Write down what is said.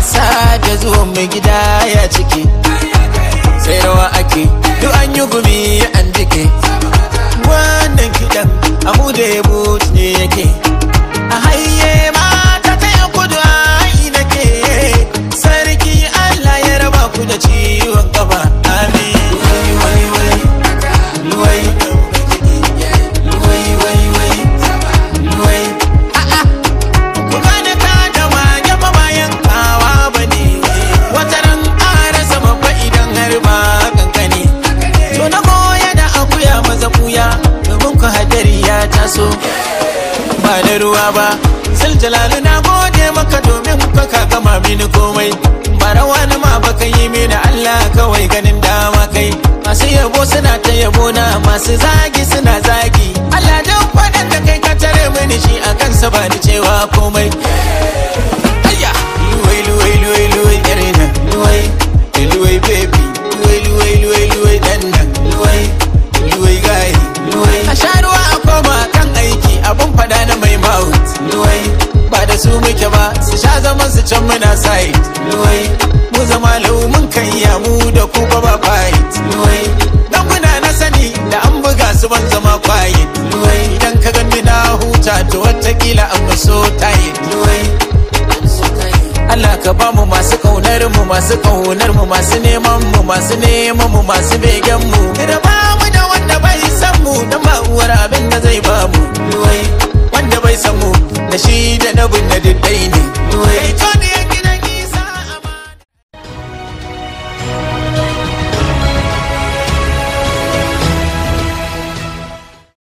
wasa da zuwan mai gida ya ciki, sai rawa ake duk an yi gumi an jike wannan kiɗan amu da so ba da ruwa ba sil jalali na gode maka domin ka gama mini komai ba rawa na ma baka yi mini Allah kawai ganin dama kai masu yabo suna ta yabo na masu zagi luwai ba da su muke ba su sha zaman su can muna sai luwai mu zama lau mun kan mu da ku ba ba fight luwai dan muna na sani da an buga su ban zama kwaye. luwai idan ka gani na huta to watakila an ba so tight luwai Allah ka ba mu masu kaunar mu masu kaunar mu masu neman mu masu neman mu masu begen mu da ba mu da wanda bai san mu dan ba uwar abin da zai ba